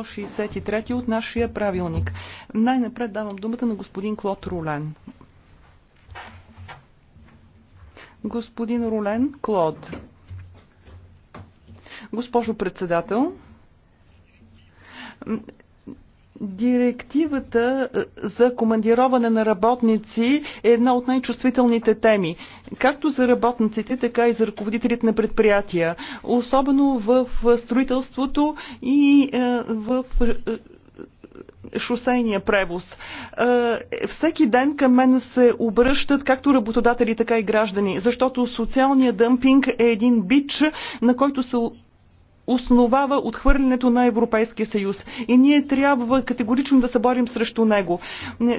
163 от нашия правилник. Най-напред давам думата на господин Клод Рулен. Господин Рулен, Клод. Госпожо председател, Директивата е, за командироване на работници е една от най-чувствителните теми, както за работниците, така и за ръководителите на предприятия, особено в е, строителството и е, в шосейния превоз. Всеки ден към мен се обръщат както работодатели, така и граждани, защото социалният дъмпинг е един бич, на който се основава отхвърлянето на Европейския съюз. И ние трябва категорично да се борим срещу него.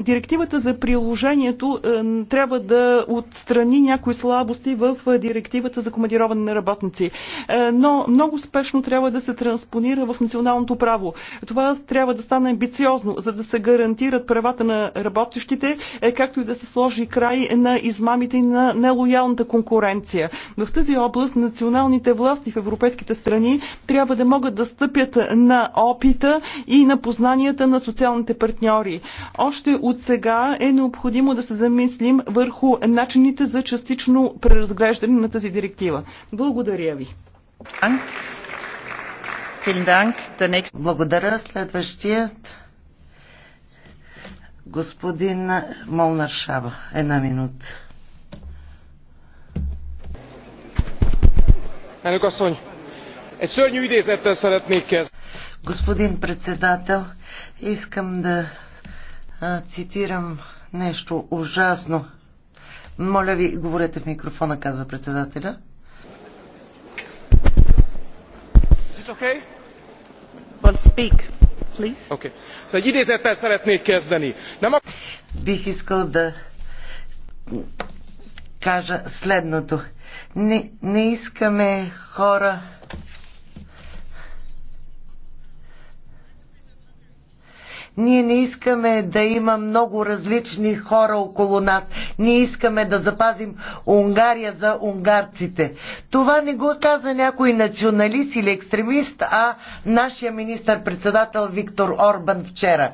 Директивата за приложението е, трябва да отстрани някои слабости в е, директивата за командироване на работници. Е, но много спешно трябва да се транспонира в националното право. Това трябва да стане амбициозно, за да се гарантират правата на работещите, както и да се сложи край на измамите и на нелоялната конкуренция. В тази област националните власти в европейските страни трябва да могат да стъпят на опита и на познанията на социалните партньори. Още от сега е необходимо да се замислим върху начините за частично преразглеждане на тази директива. Благодаря ви. Благодаря. Следващият господин Молнар Шаба. Една минута. Господин председател, искам да цитирам нещо ужасно. Моля ви, говорете в микрофона, казва председателя. Okay? Well, speak, please. Okay. So, Бих искал да кажа следното. Не, не искаме хора Ние не искаме да има много различни хора около нас. Ние искаме да запазим Унгария за унгарците. Това не го каза някой националист или екстремист, а нашия министър-председател Виктор Орбан вчера.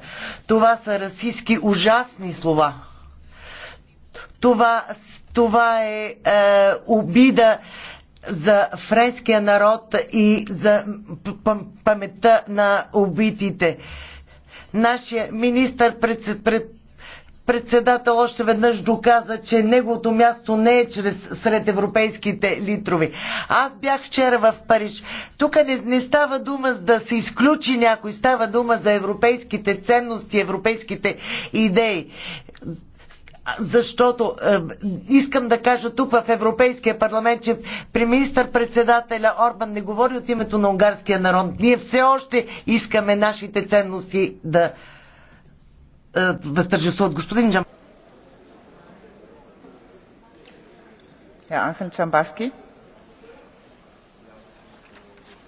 Това са расистски ужасни слова. Това, това е, е обида за френския народ и за паметта на убитите. Нашия министър председател още веднъж доказа, че неговото място не е чрез, сред европейските литрови. Аз бях вчера в Париж. Тук не, не става дума да се изключи някой, става дума за европейските ценности, европейските идеи защото е, искам да кажа тук в Европейския парламент, че при министър-председателя Орбан не говори от името на унгарския народ. Ние все още искаме нашите ценности да е, възтържествуват. Господин Джам... Е,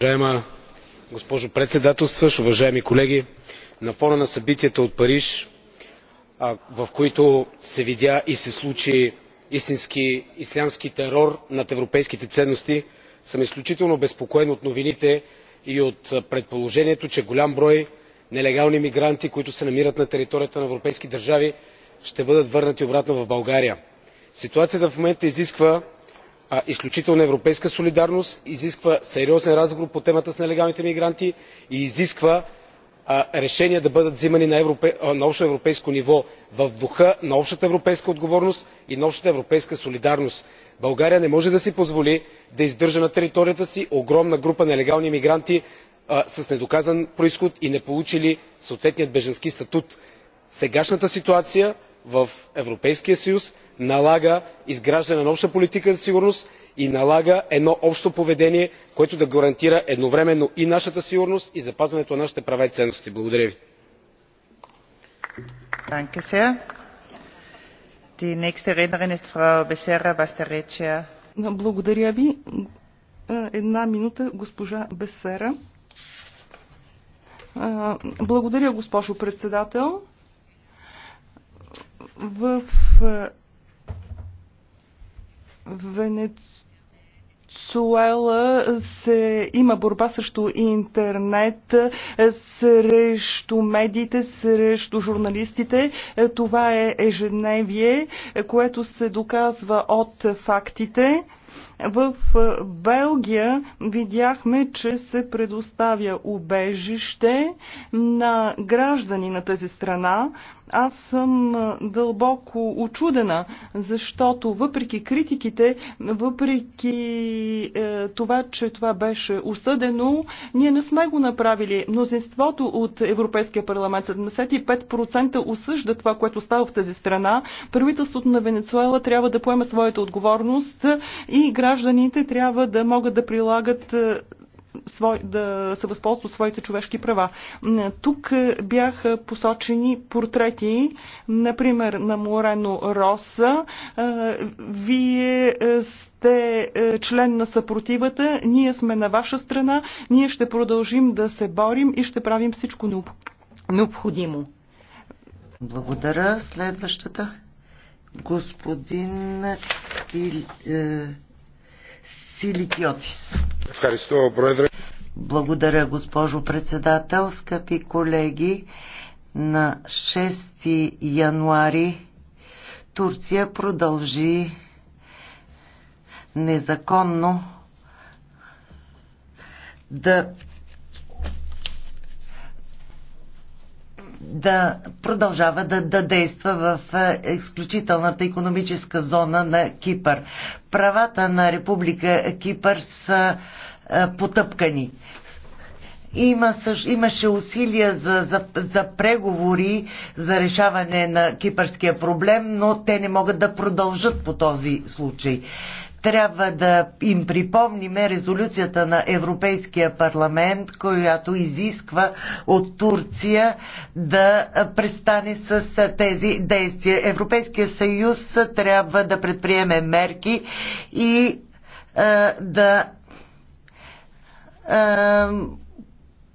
Уважаема госпожо председателстваш, уважаеми колеги, на фона на събитията от Париж в които се видя и се случи истински ислямски терор над европейските ценности съм изключително обезпокоен от новините и от предположението че голям брой нелегални мигранти които се намират на територията на европейски държави ще бъдат върнати обратно в българя. ситуацията в момента изисква изключителна европейска солидарност изисква сериозен разговор по темата с нелегалните мигранти и изисква решения да бъдат взимани на общоевропейско ниво в духа на общата европейска отговорност и на общата европейска солидарност. българя не може да си позволи да издържа на територията си огромна група нелегални мигранти с недоказан произход и неполучили съответния бежански статут. сегашната ситуация в европейския съюз налага изграждане на обща политика за сигурност и налага едно общо поведение което да гарантира едновременно и нашата сигурност и запазването на нашите права и ценности. благодаря ви. Благодаря ви. Една минута, госпожа Бесера. Благодаря, госпожо председател. В Венецуела Венецуела се, има борба срещу интернет, е, срещу медиите, срещу журналистите. Е, това е ежедневие, е, което се доказва от фактите. В Белгия видяхме, че се предоставя убежище на граждани на тази страна. Аз съм дълбоко очудена, защото въпреки критиките, въпреки е, това, че това беше осъдено, ние не сме го направили. Мнозинството от Европейския парламент, 75% осъжда това, което става в тази страна. Правителството на Венецуела трябва да поема своята отговорност и гражданите трябва да могат да прилагат е, да се възползват своите човешки права. Тук е, бяха посочени портрети, например на Морено Роса. Е, вие сте член на съпротивата, ние сме на ваша страна, ние ще продължим да се борим и ще правим всичко необходимо. Благодаря. Следващата. Господин Силикиотис. Благодаря, госпожо председател, скъпи колеги. На 6 януари Турция продължи незаконно да да продължава да, да действа в е, изключителната економическа зона на Кипър. Правата на Република Кипър са е, потъпкани. Има, имаше усилия за, за, за преговори за решаване на кипърския проблем, но те не могат да продължат по този случай трябва да им припомниме резолюцията на Европейския парламент, която изисква от Турция да престане с тези действия. Европейския съюз трябва да предприеме мерки и а, да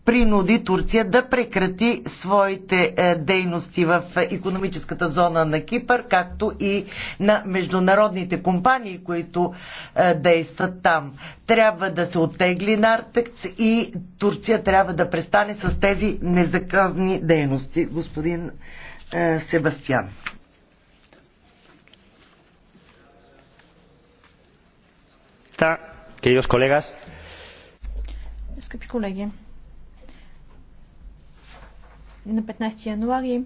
принуди Турция да прекрати своите е, дейности в економическата зона на Кипър, както и на международните компании, които е, действат там. Трябва да се оттегли Нартекс и Турция трябва да престане с тези незаказни дейности, господин е, Себастьян. Queridos colegas, Скъпи колеги, на 15 януари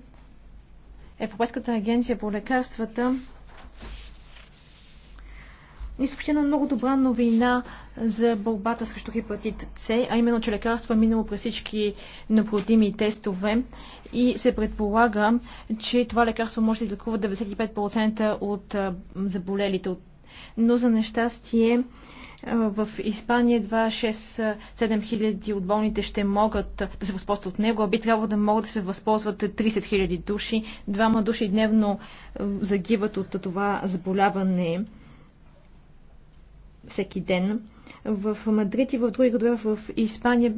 Европейската агенция по лекарствата ни съобщена много добра новина за борбата срещу хепатит С, а именно, че лекарства минало през всички необходими тестове и се предполага, че това лекарство може да излекува 95% от заболелите. Но за нещастие в Испания едва 6-7 хиляди от болните ще могат да се възползват от него, а би трябвало да могат да се възползват 30 хиляди души. Двама души дневно загиват от това заболяване всеки ден. В Мадрид и в други градове в Испания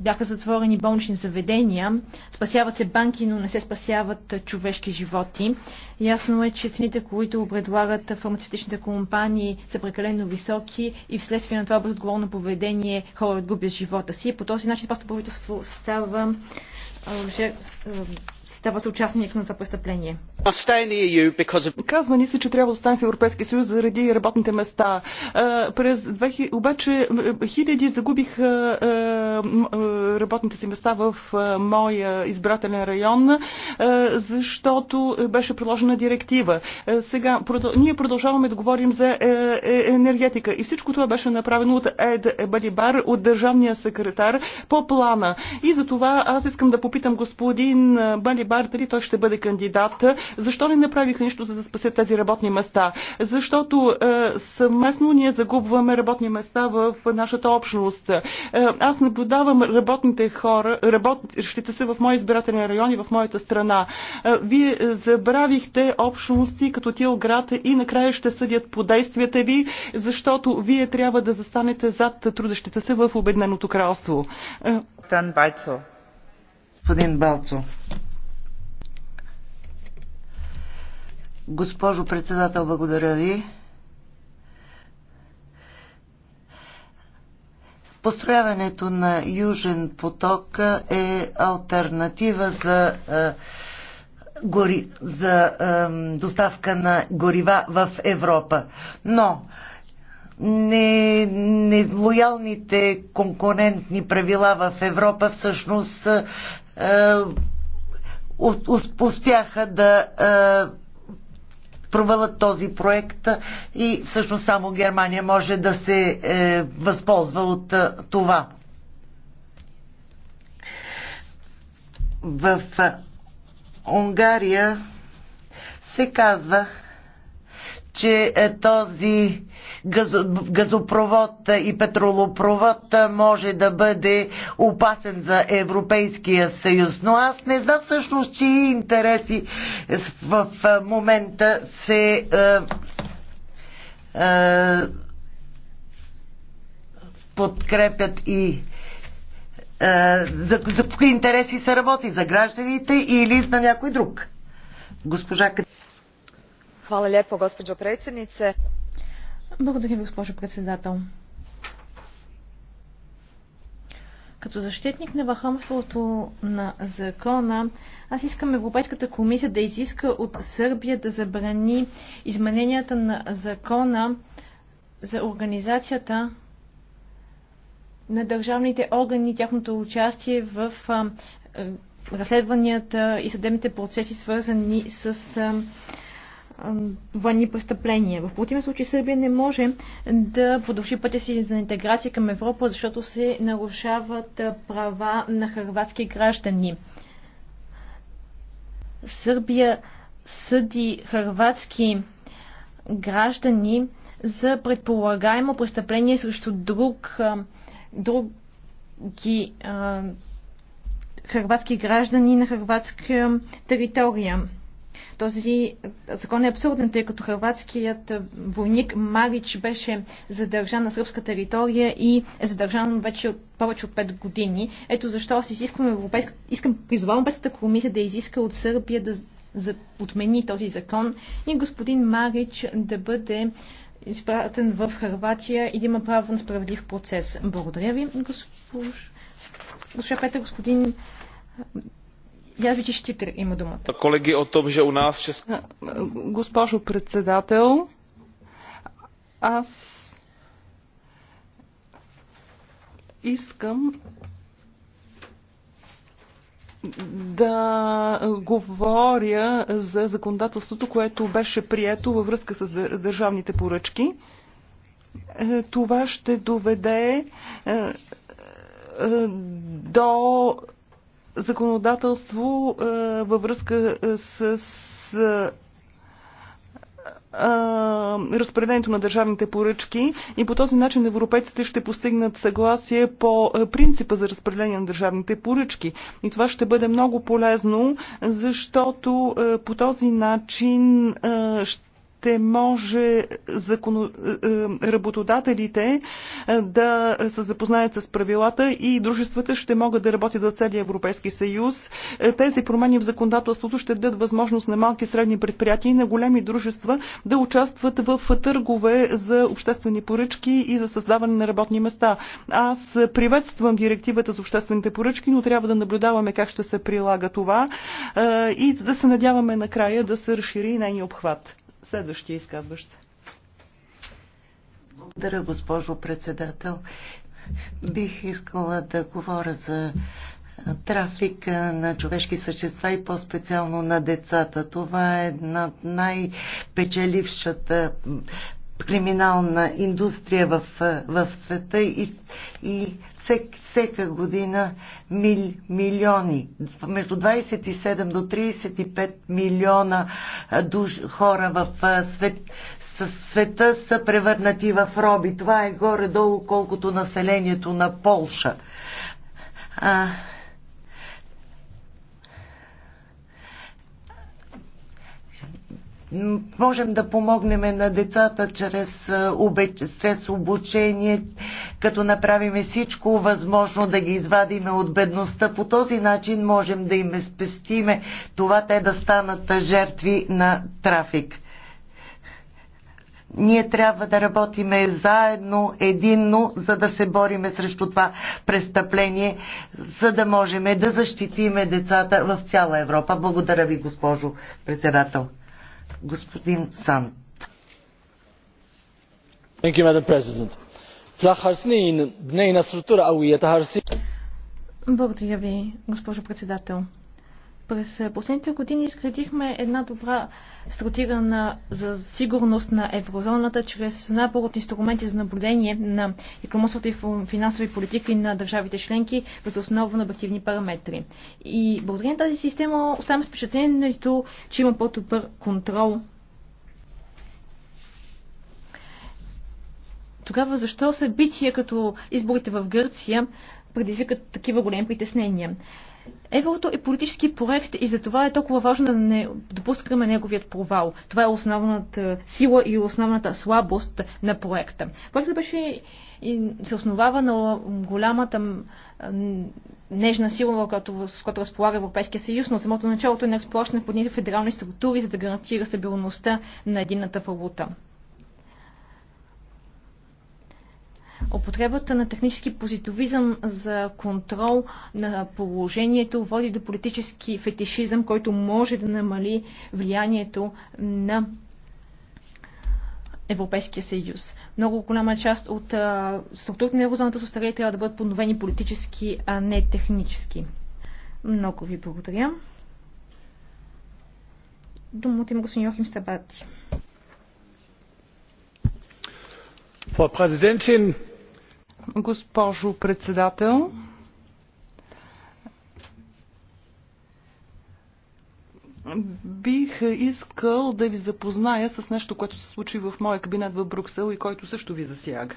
бяха затворени болнични заведения, спасяват се банки, но не се спасяват човешки животи. Ясно е, че цените, които предлагат фармацевтичните компании, са прекалено високи и вследствие на това безотговорно поведение хора губят живота си. По този начин просто правителство става става съучастник на това престъпление. E Казва ни се, че трябва да останем в Европейския съюз заради работните места. През 2000, обаче е, хиляди загубих е, е, работните си места в моя избирателен район, защото беше приложена директива. Сега ние продължаваме да говорим за енергетика и всичко това беше направено от Ед Балибар, от държавния секретар по плана. И за това аз искам да попитам господин Балибар, Али Бартери, той ще бъде кандидат. Защо не направиха нищо, за да спасят тези работни места? Защото е, съвместно ние загубваме работни места в нашата общност. Е, аз наблюдавам работните хора, работещите се в моя избирателен район и в моята страна. Е, вие забравихте общности като тия град и накрая ще съдят по действията ви, защото вие трябва да застанете зад трудещите се в Обедненото кралство. Е, Господин Балцо. Госпожо председател, благодаря ви. Построяването на Южен поток е альтернатива за, е, гори, за е, доставка на горива в Европа. Но не, нелоялните конкурентни правила в Европа всъщност е, е успяха да е, провалят този проект и всъщност само Германия може да се е, възползва от е, това. В е, Унгария се казва, че е, този газопровод и петролопровод е, може да бъде опасен за Европейския съюз. Но аз не знам всъщност, чии интереси в момента се е, е, подкрепят и е, за, за интереси се работи? За гражданите или за някой друг? Госпожа gospođo predsjednice благодаря ви госпожо председател. Като защитник на върховството на закона, аз искам Европейската комисия да изиска от Сърбия да забрани измененията на закона за организацията на държавните органи, тяхното участие в разследванията и съдебните процеси, свързани с военни престъпления. В противен случай Сърбия не може да продължи пътя си за интеграция към Европа, защото се нарушават права на хрватски граждани. Сърбия съди хрватски граждани за предполагаемо престъпление срещу друг, други хрватски граждани на хрватска територия. Този закон е абсурден, тъй като хрватският войник Марич беше задържан на сръбска територия и е задържан вече от повече от 5 години. Ето защо аз изисквам европейска... искам призовавам Европейската комисия да изиска от Сърбия да за... отмени този закон и господин Марич да бъде изпратен в Харватия и да има право на справедлив процес. Благодаря ви, госпож... госпожа Петър, господин Язичи Щитър има думата. Колеги от том, че у нас... Чест... Госпожо председател, аз искам да говоря за законодателството, което беше прието във връзка с държавните поръчки. Е, това ще доведе е, е, до законодателство във връзка с разпределението на държавните поръчки и по този начин европейците ще постигнат съгласие по принципа за разпределение на държавните поръчки. И това ще бъде много полезно, защото по този начин ще ще може закону... Е, е, работодателите е, да се запознаят с правилата и дружествата ще могат да работят в целия Европейски съюз. Тези промени в законодателството ще дадат възможност на малки и средни предприятия и на големи дружества да участват в търгове за обществени поръчки и за създаване на работни места. Аз приветствам директивата за обществените поръчки, но трябва да наблюдаваме как ще се прилага това и да се надяваме накрая да се разшири нейния обхват. Следващия изказващ се. Благодаря, госпожо председател. Бих искала да говоря за трафик на човешки същества и по-специално на децата. Това е една от най-печелившата криминална индустрия в, в света и, и всек, всека година мил, милиони, между 27 до 35 милиона душ, хора в свет, света са превърнати в роби. Това е горе-долу колкото населението на Полша. А, можем да помогнем на децата чрез стрес обучение, като направим всичко възможно да ги извадиме от бедността. По този начин можем да им спестиме това те да станат жертви на трафик. Ние трябва да работиме заедно, единно, за да се бориме срещу това престъпление, за да можем да защитиме децата в цяла Европа. Благодаря ви, госпожо председател. Господин Сан. Thank you, Madam President. Благодаря ви, госпожо председател. През е, последните години изградихме една добра стратегия за сигурност на еврозоната чрез най от инструменти за наблюдение на економическата и финансови политики на държавите членки въз основа на обективни параметри. И благодарение на тази система оставаме с впечатлението, че има по-добър контрол тогава защо събития като изборите в Гърция предизвикат такива големи притеснения? Еврото е политически проект и за това е толкова важно да не допускаме неговият провал. Това е основната сила и основната слабост на проекта. Проектът беше се основава на голямата нежна сила, която, с която разполага Европейския съюз, но от самото началото е не разплащане под федерални структури, за да гарантира стабилността на единната валута. Употребата на технически позитивизъм за контрол на положението води до политически фетишизъм, който може да намали влиянието на Европейския съюз. Много голяма част от структурите на еврозоната с трябва да бъдат подновени политически, а не технически. Много ви благодаря. Думата има господин Йохим Стабати. Frau Präsidentin! госпожо председател. Бих искал да ви запозная с нещо, което се случи в моя кабинет в Бруксел и който също ви засяга.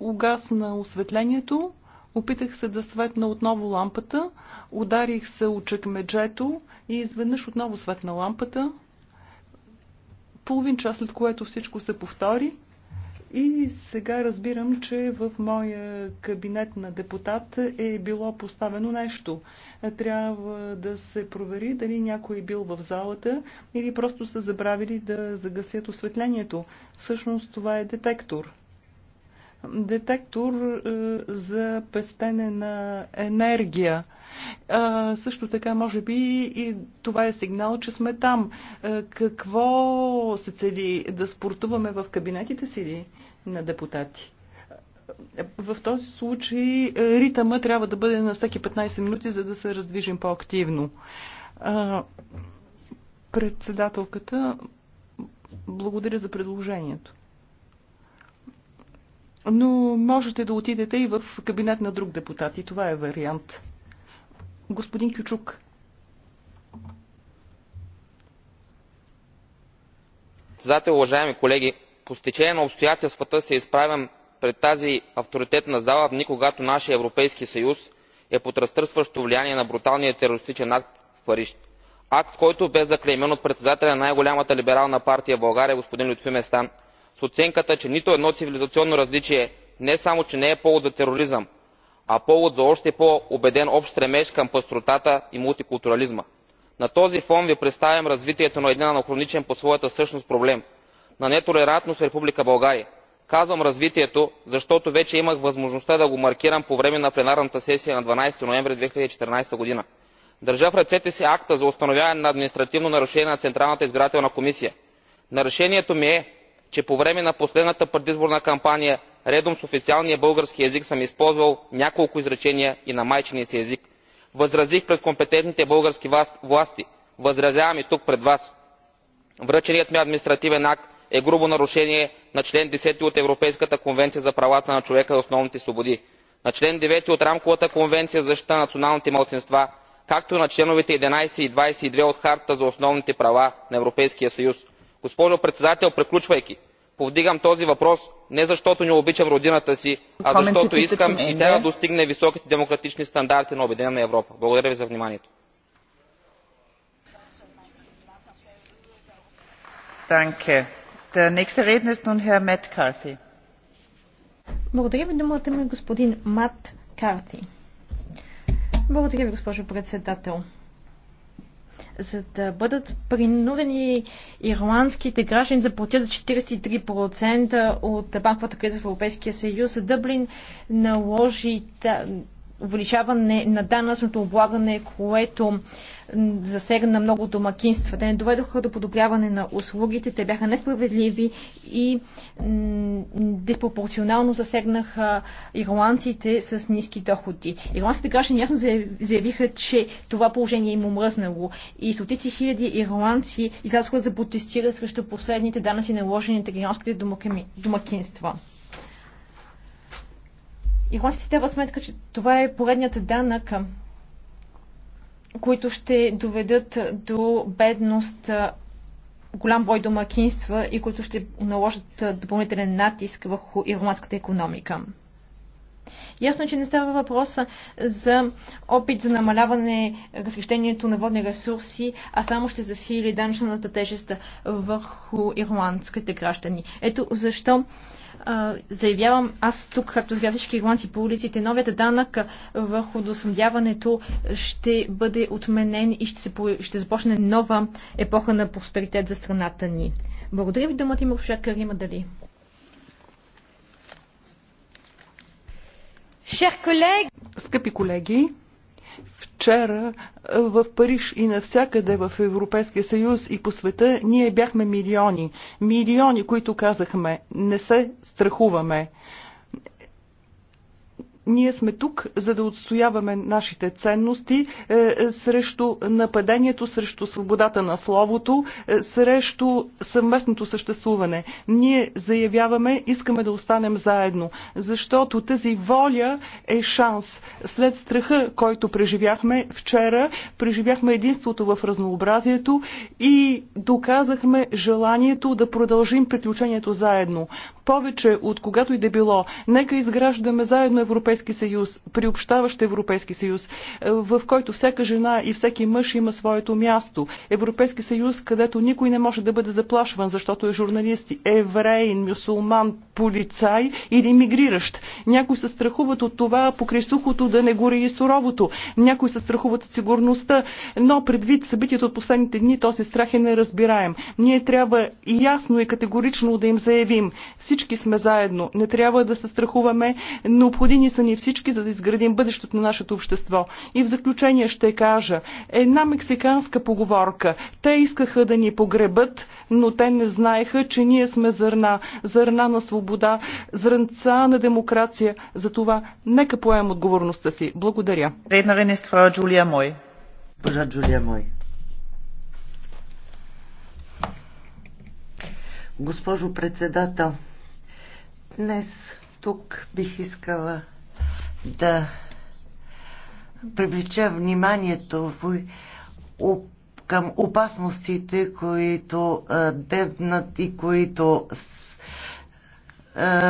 Угасна осветлението, опитах се да светна отново лампата, ударих се от чекмеджето и изведнъж отново светна лампата, половин час след което всичко се повтори. И сега разбирам, че в моя кабинет на депутат е било поставено нещо. Трябва да се провери дали някой е бил в залата или просто са забравили да загасят осветлението. Всъщност това е детектор. Детектор е, за пестене на енергия. А, също така, може би и това е сигнал, че сме там. А, какво се цели? Да спортуваме в кабинетите си ли на депутати? в този случай ритъма трябва да бъде на всеки 15 минути, за да се раздвижим по-активно. Председателката, благодаря за предложението. Но можете да отидете и в кабинет на друг депутат и това е вариант господин Кючук. Зате, уважаеми колеги, по стечение на обстоятелствата се изправям пред тази авторитетна зала в дни, когато нашия Европейски съюз е под разтърсващо влияние на бруталния терористичен акт в Париж. Акт, който бе заклеймен от председателя на най-голямата либерална партия в България господин Лютви Местан с оценката, че нито едно цивилизационно различие не само че не е повод за тероризъм, а повод за още по убеден общ стремеж към пъстротата и мултикултурализма. на този фон ви представям развитието на един анахроничен по своята същност проблем на нетолерантност в република българия. казвам развитието защото вече имах възможността да го маркирам по време на пленарната сесия на 12 ноември. 2014 година. държа в ръцете си акта за установяване на административно нарушение на централната избирателна комисия. нарушението ми е че по време на последната предизборна кампания редом с официалния български език съм използвал няколко изречения и на майчиния си език. възразих пред компетентните български власти. възразявам и тук пред вас. връченият ми административен акт е грубо нарушение на член 10 от европейската конвенция за правата на човека и основните свободи на член 9 от рамковата конвенция за защита на националните малцинства както и на членовете 11 и двадесет и две от хартата за основните права на европейския съюз. госпожо председател приключвайки повдигам този въпрос не защото не обичам родината си а защото искам е, и тя да достигне високите демократични стандарти на обединена европа. благодаря ви за вниманието. Благодаря ви. Думата ми господин Мат Карти. Благодаря ви, госпожо председател за да бъдат принудени ирландските граждани да платят за 43% от банковата криза в Европейския съюз. Дъблин наложи увеличаване на данъчното облагане, което засегна много домакинства. Те не доведоха до подобряване на услугите, те бяха несправедливи и диспропорционално засегнаха ирландците с ниски доходи. Ирландските граждани ясно заявиха, че това положение им омръзнало и стотици хиляди ирландци излязоха за протестира срещу последните данъци наложени на ирландските домакинства си дават сметка, че това е поредният данък, които ще доведат до бедност голям брой домакинства и които ще наложат допълнителен натиск върху ирландската економика. Ясно е, че не става въпроса за опит за намаляване разхищението на водни ресурси, а само ще засили данъчната тежест върху ирландските граждани. Ето защо заявявам аз тук, както с всички ирландци по улиците, новият данък върху досъмдяването ще бъде отменен и ще, се, ще започне нова епоха на просперитет за страната ни. Благодаря ви, думата има Рушак Карима Дали. Скъпи колеги, Вчера в Париж и навсякъде в Европейския съюз и по света ние бяхме милиони. Милиони, които казахме не се страхуваме. Ние сме тук, за да отстояваме нашите ценности е, срещу нападението, срещу свободата на словото, е, срещу съвместното съществуване. Ние заявяваме, искаме да останем заедно, защото тази воля е шанс. След страха, който преживяхме вчера, преживяхме единството в разнообразието и доказахме желанието да продължим приключението заедно. Повече от когато и да било, нека изграждаме заедно европейското Европейски съюз, приобщаващ Европейски съюз, е, в който всяка жена и всеки мъж има своето място. Европейски съюз, където никой не може да бъде заплашван, защото е журналист, евреин, мюсулман, полицай или мигриращ. Някои се страхуват от това покрай сухото да не гори и суровото. Някои се страхуват от сигурността, но предвид събитието от последните дни този страх е неразбираем. Ние трябва ясно и категорично да им заявим. Всички сме заедно. Не трябва да се страхуваме. Необходими са ни всички, за да изградим бъдещето на нашето общество. И в заключение ще кажа, една мексиканска поговорка. Те искаха да ни погребат, но те не знаеха, че ние сме зърна, зърна на свобода, зрънца на демокрация. Затова нека поем отговорността си. Благодаря. Редна е Джулия Мой. Божа Джулия Мой. Госпожо председател, днес тук бих искала да привлеча вниманието към опасностите, които дебнат и които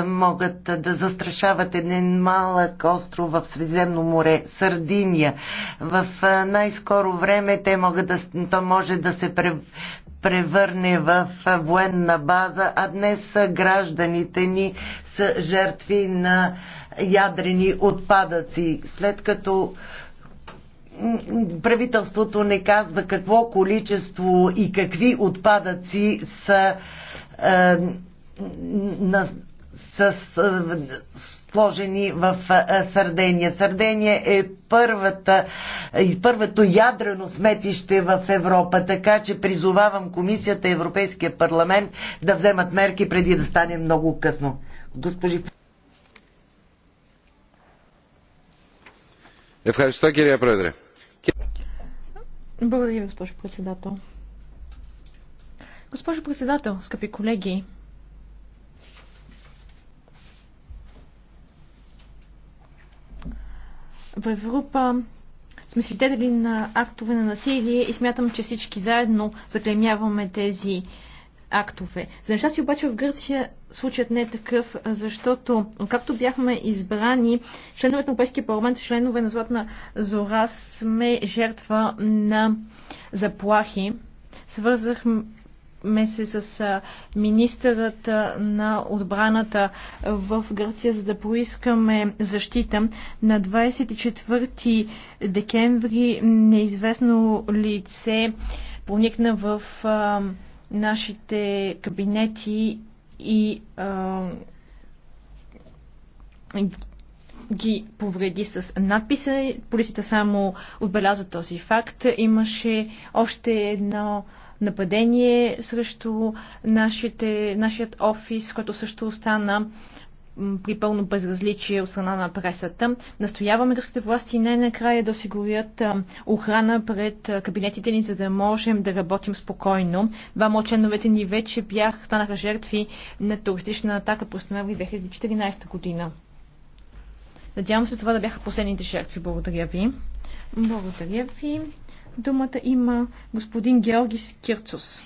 могат да застрашават един малък остров в Средиземно море, Сардиния. В най-скоро време те могат да, то може да се превърне в военна база, а днес гражданите ни са жертви на ядрени отпадъци, след като правителството не казва какво количество и какви отпадъци са, е, на, са е, сложени в е, Сърдения. Сърдения е първата, е, първото ядрено сметище в Европа, така че призовавам Комисията и Европейския парламент да вземат мерки преди да стане много късно. Госпожи Ευχαριστώ, Πρόεδρε. Благодаря, госпожо председател. Госпожо председател, скъпи колеги, в Европа сме свидетели на актове на насилие и смятам, че всички заедно заклемяваме тези актове. За нещастие обаче в Гърция случаят не е такъв, защото както бяхме избрани, членовете на Европейския парламент, членове на Златна Зора, сме жертва на заплахи. Свързахме се с министърът на отбраната в Гърция, за да поискаме защита. На 24 декември неизвестно лице проникна в нашите кабинети и а, ги повреди с надписа. Полицията само отбеляза този факт. Имаше още едно нападение срещу нашите, нашият офис, който също остана при пълно безразличие от страна на пресата. Настояваме гръцките власти най-накрая да осигурят охрана пред кабинетите ни, за да можем да работим спокойно. Двама от членовете ни вече бях, станаха жертви на туристична атака през ноември 2014 година. Надявам се това да бяха последните жертви. Благодаря ви. Благодаря ви. Думата има господин Георгис Кирцус.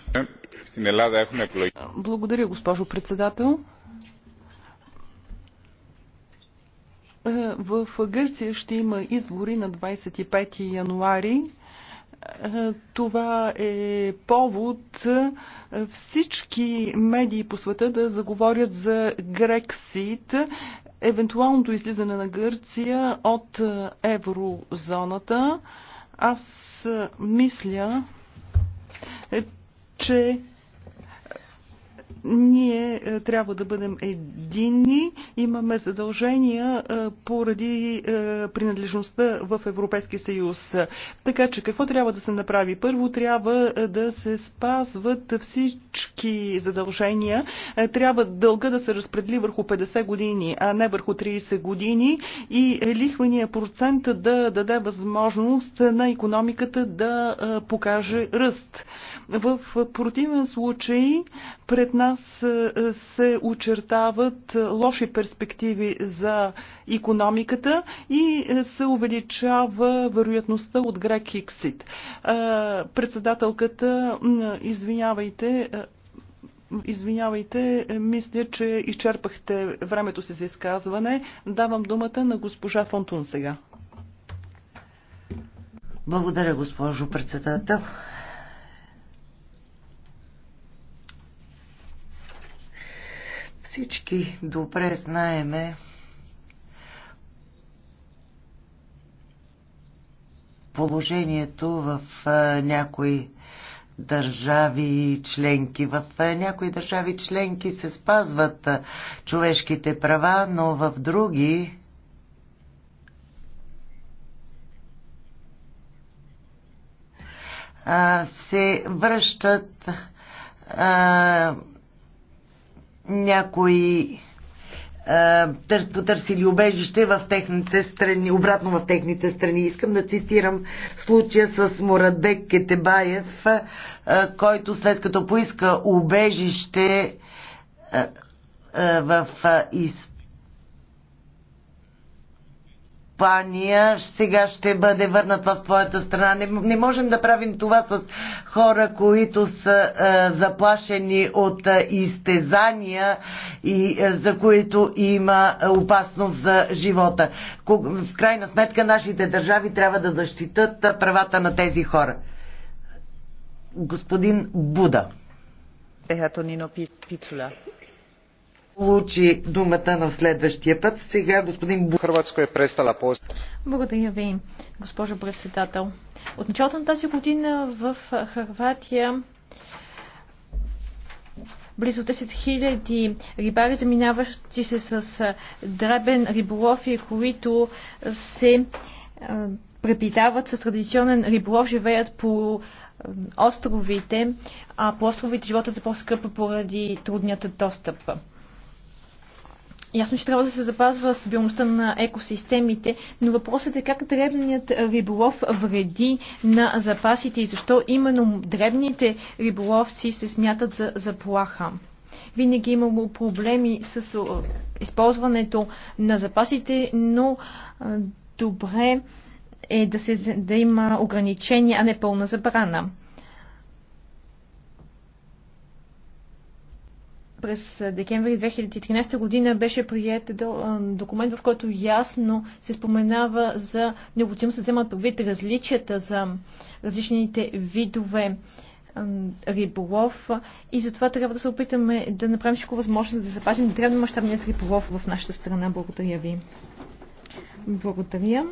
Благодаря, госпожо председател. Е, в Гърция ще има избори на 25 януари. Е, това е повод е, всички медии по света да заговорят за Грексит, евентуалното излизане на Гърция от еврозоната. Аз мисля, че ние е, трябва да бъдем единни, имаме задължения е, поради е, принадлежността в Европейския съюз. Така че какво трябва да се направи? Първо трябва да се спазват всички задължения. Трябва дълга да се разпредели върху 50 години, а не върху 30 години и лихвения процент да даде възможност на економиката да покаже ръст. В противен случай пред нас нас е, се очертават лоши перспективи за економиката и е, се увеличава вероятността от Грек Хиксит. Е, председателката, извинявайте, Извинявайте, мисля, че изчерпахте времето си за изказване. Давам думата на госпожа Фонтун сега. Благодаря, госпожо председател. Всички добре знаеме положението в някои държави членки. В някои държави членки се спазват човешките права, но в други се връщат някои потърсили убежище в техните страни, обратно в техните страни. Искам да цитирам случая с Морадбек Кетебаев, който след като поиска убежище в Испания, Испания сега ще бъде върнат в твоята страна. Не, не можем да правим това с хора, които са а, е, заплашени от а, е, изтезания и а, е, за които има опасност за живота. В крайна сметка нашите държави трябва да защитат правата на тези хора. Господин Буда. Нино Пицула получи думата на следващия път. Сега господин Хрватско е престала пост. Благодаря ви, госпожо председател. От началото на тази година в Хрватия близо 10 000 рибари, заминаващи се с дребен риболов и които се препитават с традиционен риболов, живеят по островите, а по островите животът е по-скъп поради трудният достъп. Ясно, че трябва да се запазва стабилността на екосистемите, но въпросът е как дребният риболов вреди на запасите и защо именно дребните риболовци се смятат за заплаха. Винаги е имало проблеми с използването на запасите, но добре е да, се, да има ограничения, а не пълна забрана. през декември 2013 година беше прият документ, в който ясно се споменава за необходимост да вземат предвид различията за различните видове риболов и затова трябва да се опитаме да направим всичко възможно, да запазим мащабният риболов в нашата страна. Благодаря ви. Благодаря.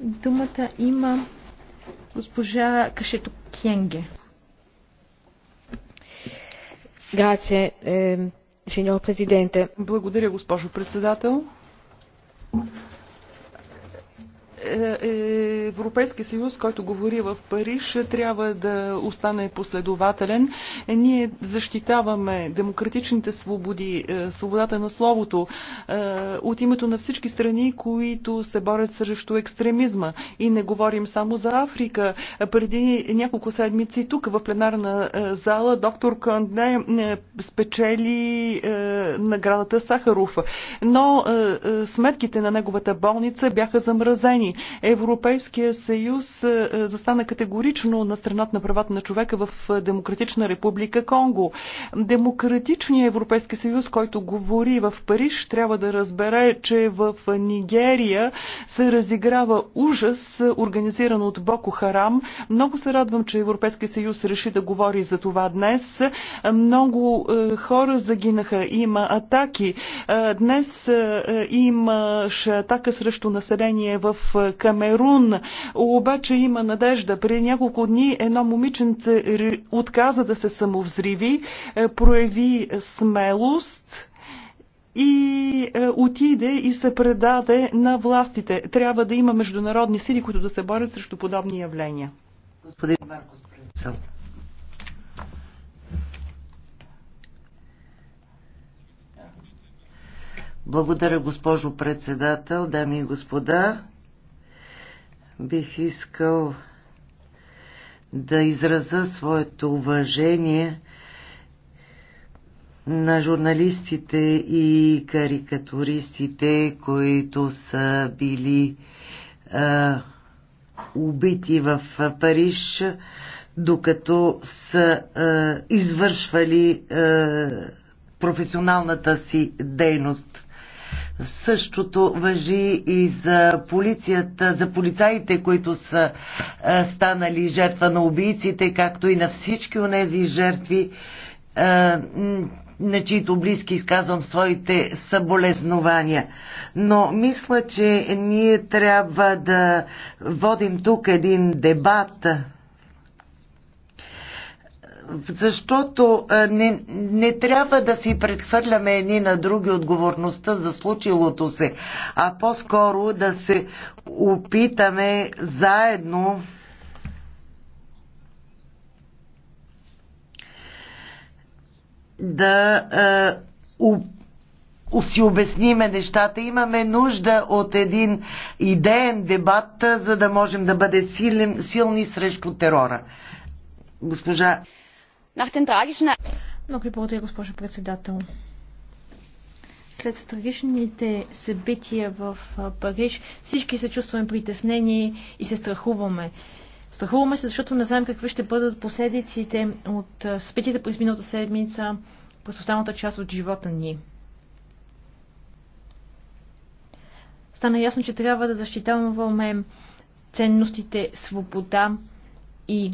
Думата има госпожа Кашето Кенге. Грация, е, сеньор президенте. Благодаря, госпожо председател. Е, е, Европейски съюз, който говори в Париж, трябва да остане последователен. Е, ние защитаваме демократичните свободи, свободата на словото от името на всички страни, които се борят срещу екстремизма. И не говорим само за Африка. Преди няколко седмици тук в пленарна зала доктор Канде спечели наградата Сахаров. Но сметките на неговата болница бяха замразени Европейския съюз е, е, застана категорично на страната на правата на човека в е, Демократична република Конго. Демократичният Европейски съюз, който говори в Париж, трябва да разбере, че в Нигерия се разиграва ужас, организиран от Боко Харам. Много се радвам, че Европейския съюз реши да говори за това днес. Много хора загинаха. Има атаки. Днес имаше атака срещу население в Камерун. Обаче има надежда. При няколко дни едно момиченце отказа да се самовзриви, е, прояви смелост и е, отиде и се предаде на властите. Трябва да има международни сили, които да се борят срещу подобни явления. Господин Маркос Благодаря, госпожо председател, дами и господа бих искал да израза своето уважение на журналистите и карикатуристите, които са били а, убити в Париж, докато са а, извършвали а, професионалната си дейност. Същото въжи и за полицията, за полицаите, които са а, е, станали жертва на убийците, както и на всички онези жертви, а, е, на чието близки изказвам своите съболезнования. Но мисля, че ние трябва да водим тук един дебат защото не, не трябва да си предхвърляме едни на други отговорността за случилото се, а по-скоро да се опитаме заедно да си обясниме нещата. Имаме нужда от един идеен дебат, за да можем да бъде силен, силни срещу терора. Госпожа Er- Много ви благодаря, госпожо председател. След трагичните събития в Париж всички се чувстваме притеснени и се страхуваме. Страхуваме се, защото не знаем какви ще бъдат последиците от събитията през миналата седмица през останалата част от живота ни. Стана ясно, че трябва да защитаваме ценностите свобода и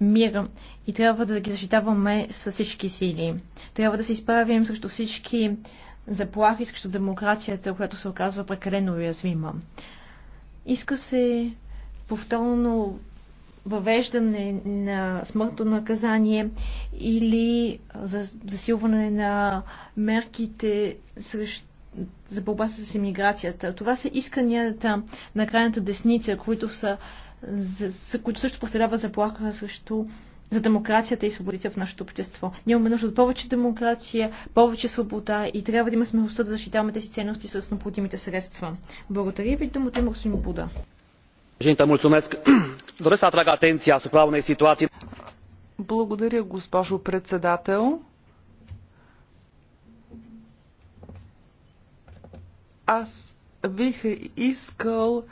мир и трябва да ги защитаваме с всички сили. Трябва да се изправим срещу всички заплахи, срещу демокрацията, която се оказва прекалено уязвима. Иска се повторно въвеждане на смъртно наказание или засилване на мерките срещу за борба с иммиграцията. Това са исканията на крайната десница, които са за, които също представлява заплаха също за демокрацията и свободите в нашето общество. Ние имаме нужда от повече демокрация, повече свобода и трябва да има смелостта да защитаваме тези ценности с необходимите средства. Благодаря ви, думата има господин Буда. Doresc să atrag atenția asupra unei situații. Благодаря, госпожо председател. Аз бих искал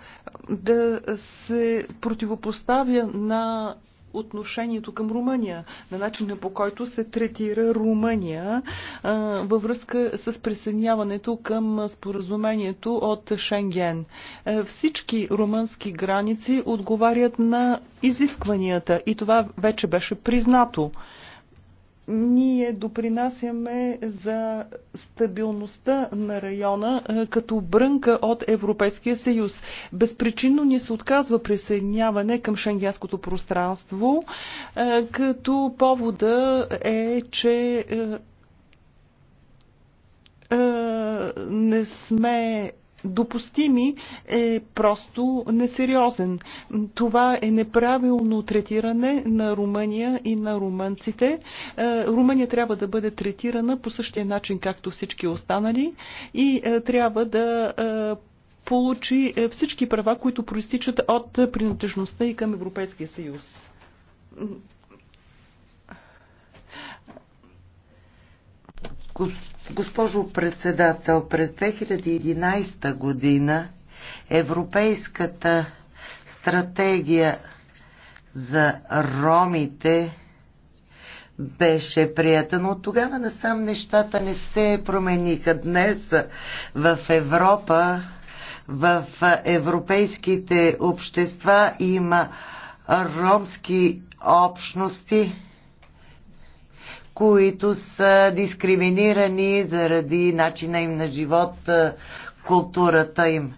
да се противопоставя на отношението към Румъния, на начина по който се третира Румъния а, във връзка с присъединяването към споразумението от Шенген. А, всички румънски граници отговарят на изискванията и това вече беше признато ние допринасяме за стабилността на района е, като брънка от Европейския съюз. Безпричинно ни се отказва присъединяване към шенгенското пространство, е, като повода е, че е, не сме допустими, е просто несериозен. Това е неправилно третиране на Румъния и на румънците. Е, Румъния трябва да бъде третирана по същия начин, както всички останали и е, трябва да е, получи всички права, които проистичат от принадлежността и към Европейския съюз. Госп... Госпожо председател, през 2011 година Европейската стратегия за ромите беше прията, но от тогава насам нещата не се промениха. Днес в Европа, в европейските общества има ромски общности, които са дискриминирани заради начина им на живот, културата им.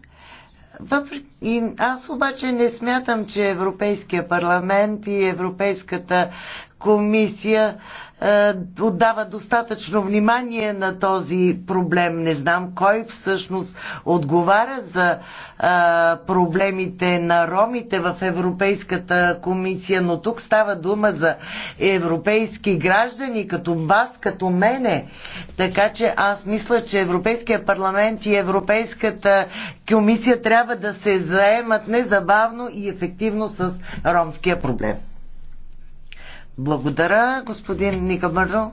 И аз обаче не смятам, че Европейския парламент и Европейската комисия е, отдава достатъчно внимание на този проблем. Не знам кой всъщност отговаря за е, проблемите на ромите в Европейската комисия, но тук става дума за европейски граждани, като вас, като мене. Така че аз мисля, че Европейския парламент и Европейската комисия трябва да се заемат незабавно и ефективно с ромския проблем. Благодаря, господин Никамърло.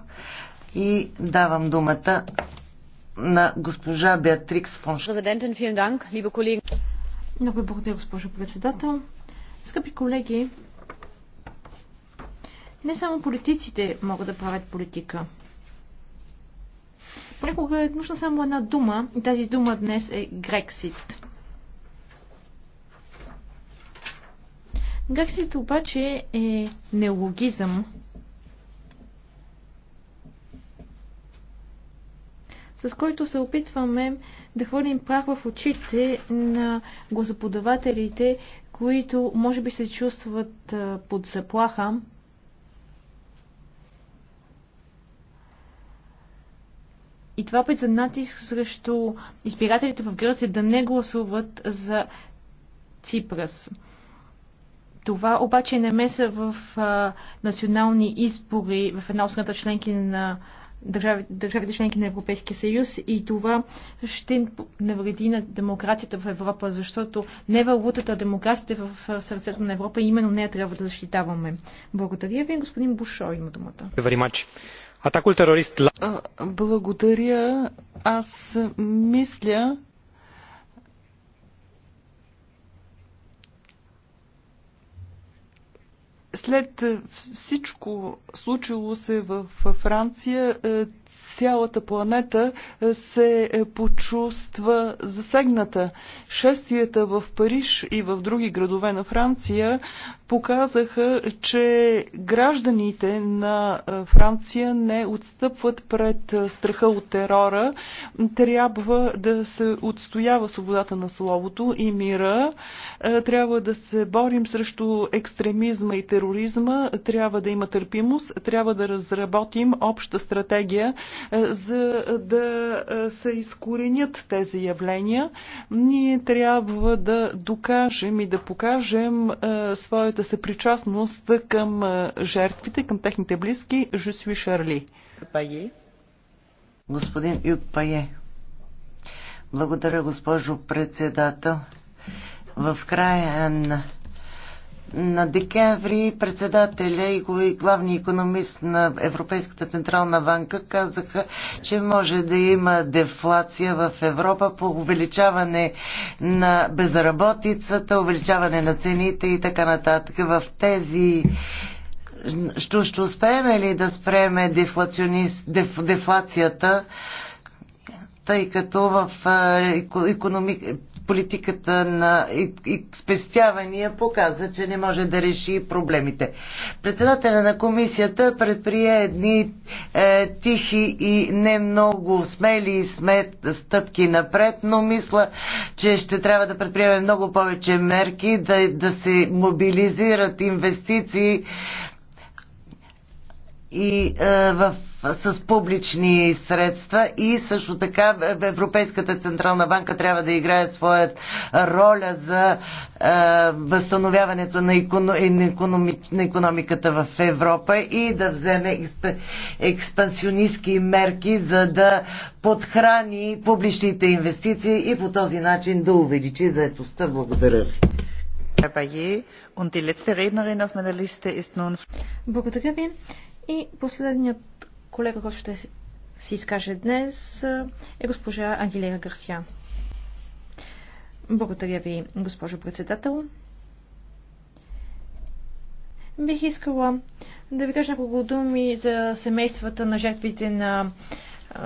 И давам думата на госпожа Беатрикс Фонш. Много благодаря, госпожо председател. Скъпи колеги, не само политиците могат да правят политика. Понякога е нужна само една дума и тази дума днес е Грексит. Гаксит обаче е неологизъм, с който се опитваме да хвърлим прах в очите на гласоподавателите, които може би се чувстват под заплаха. И това пред за натиск срещу избирателите в Гръция да не гласуват за Ципрас. Това обаче не меса в а, национални избори в една основната членки на държави, държавите членки на Европейския съюз и това ще навреди на демокрацията в Европа, защото не валутата, а демокрацията е в сърцето на Европа и именно нея трябва да защитаваме. Благодаря ви, господин Бушо има думата. Атакул терорист. Благодаря. Аз мисля, След е, всичко случило се в Франция, е, цялата планета е, се почувства засегната. Шествията в Париж и в други градове на Франция показаха, че гражданите на Франция не отстъпват пред страха от терора. Трябва да се отстоява свободата на словото и мира. Трябва да се борим срещу екстремизма и тероризма. Трябва да има търпимост. Трябва да разработим обща стратегия, за да се изкоренят тези явления. Ние трябва да докажем и да покажем своето своята съпричастност към жертвите, към техните близки. Жусуи Шарли. Господин Юпае. Благодаря, госпожо председател. В края на на декември председателя и главни економист на Европейската централна банка казаха, че може да има дефлация в Европа по увеличаване на безработицата, увеличаване на цените и така нататък. В тези ще, ще успеем ли да спреме деф, дефлацията, тъй като в економик, политиката на спестявания показа, че не може да реши проблемите. Председателя на комисията предприе едни е, тихи и не много смели смет стъпки напред, но мисля, че ще трябва да предприеме много повече мерки, да, да се мобилизират инвестиции и е, в с публични средства и също така Европейската Централна банка трябва да играе своят роля за възстановяването на, економи, на економиката в Европа и да вземе експансионистски мерки, за да подхрани публичните инвестиции и по този начин да увеличи заедостта. Благодаря ви. Благодаря ви. И последният колега, който ще си изкаже днес, е госпожа Ангелия Гарсия. Благодаря ви, госпожо председател. Бих искала да ви кажа няколко думи за семействата на жертвите на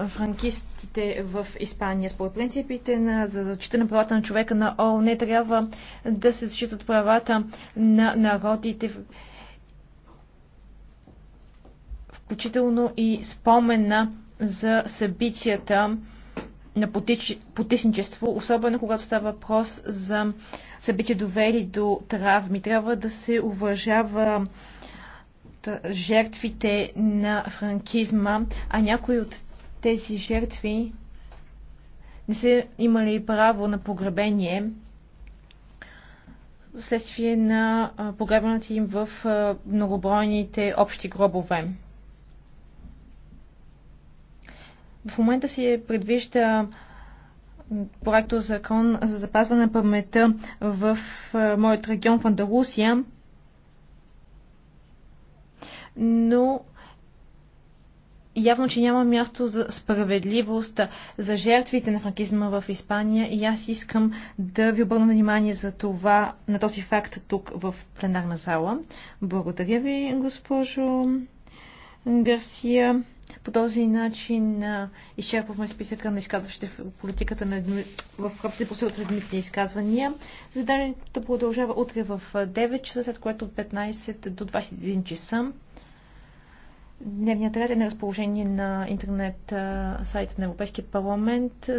франкистите в Испания. Според принципите на, за защита на правата на човека на ООН не трябва да се защитат правата на народите включително и спомена за събитията на потисничество, особено когато става въпрос за събития довели до травми. Трябва да се уважава жертвите на франкизма, а някои от тези жертви не са имали право на погребение следствие на погребането им в многобройните общи гробове. В момента си е предвижда проекто закон за запазване на паметта в е, моят регион в Андалусия, но явно, че няма място за справедливост за жертвите на франкизма в Испания и аз искам да ви обърна внимание за това, на този факт тук в пленарна зала. Благодаря ви, госпожо Гарсия. По този начин изчерпваме списъка на изказващите в политиката на в рамките по силата седмитни изказвания. Заданието продължава утре в 9 часа, след което от 15 до 21 часа. Дневният ред е на разположение на интернет сайта на Европейския парламент.